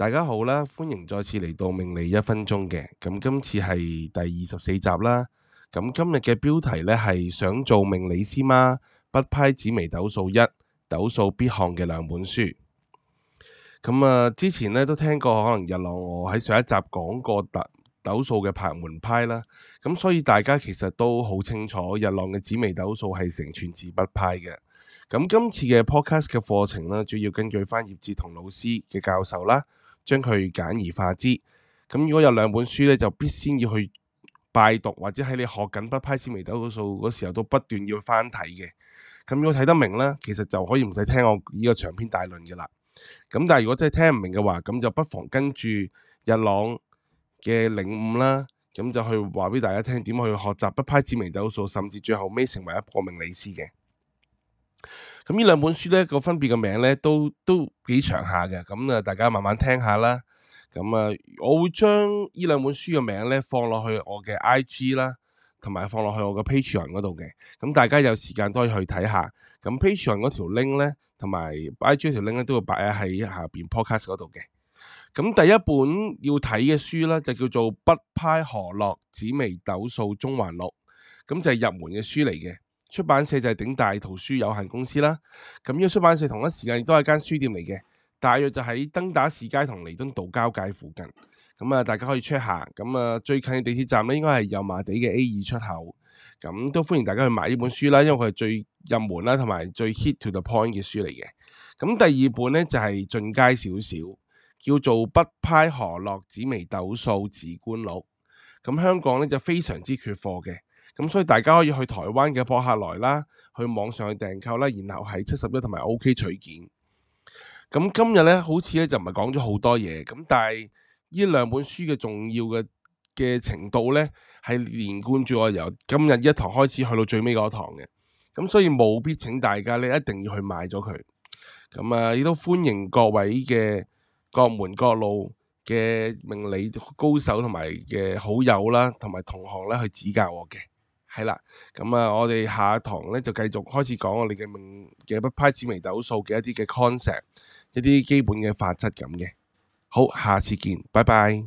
大家好啦，歡迎再次嚟到《命理一分鐘》嘅，咁，今次係第二十四集啦。咁今日嘅標題咧係想做命理師嗎？北派紫微斗數一斗數必看嘅兩本書。咁啊，之前咧都聽過，可能日朗我喺上一集講過特斗數嘅拍門派啦。咁所以大家其實都好清楚，日朗嘅紫微斗數係成全字北派嘅。咁今次嘅 podcast 嘅課程咧，主要根據翻葉志同老師嘅教授啦。將佢簡而化之，咁如果有兩本書咧，就必先要去拜讀，或者喺你學緊北派紫微斗數嗰時候，都不斷要翻睇嘅。咁如果睇得明啦，其實就可以唔使聽我呢個長篇大論嘅啦。咁但係如果真係聽唔明嘅話，咁就不妨跟住日朗嘅領悟啦，咁就去話俾大家聽點去學習北派紫微斗數，甚至最後尾成為一個命理師嘅。咁呢兩本書咧個分別嘅名咧都都幾長下嘅，咁啊大家慢慢聽下啦。咁啊，我會將呢兩本書嘅名咧放落去我嘅 I G 啦，同埋放落去我嘅 Patreon 嗰度嘅。咁大家有時間都可以去睇下。咁 Patreon 嗰條 link 咧，同埋 I G 條 link 咧都會擺喺下邊 Podcast 嗰度嘅。咁第一本要睇嘅書咧，就叫做《北派河洛紫微斗數中環錄》，咁就係入門嘅書嚟嘅。出版社就係鼎大圖書有限公司啦，咁呢個出版社同一時間亦都係間書店嚟嘅，大約就喺登打士街同彌敦道交界附近，咁啊大家可以 check 下，咁啊最近嘅地鐵站咧應該係油麻地嘅 A 二出口，咁都歡迎大家去買呢本書啦，因為佢係最入門啦同埋最 hit to the point 嘅書嚟嘅，咁第二本咧就係進階少少，叫做北派河洛紫微斗數紫觀錄，咁香港咧就非常之缺貨嘅。咁所以大家可以去台灣嘅博客來啦，去網上去訂購啦，然後喺七十一同埋 OK 取件。咁今日咧，好似咧就唔係講咗好多嘢，咁但係呢兩本書嘅重要嘅嘅程度咧，係連貫住我由今日一堂開始去到最尾嗰一堂嘅。咁所以務必請大家咧一定要去買咗佢。咁啊，亦都歡迎各位嘅各門各路嘅命理高手同埋嘅好友啦，同埋同學咧去指教我嘅。係啦，咁啊，我哋下一堂咧就繼續開始講我哋嘅命嘅北派紫微斗數嘅一啲嘅 concept，一啲基本嘅法則咁嘅。好，下次見，拜拜。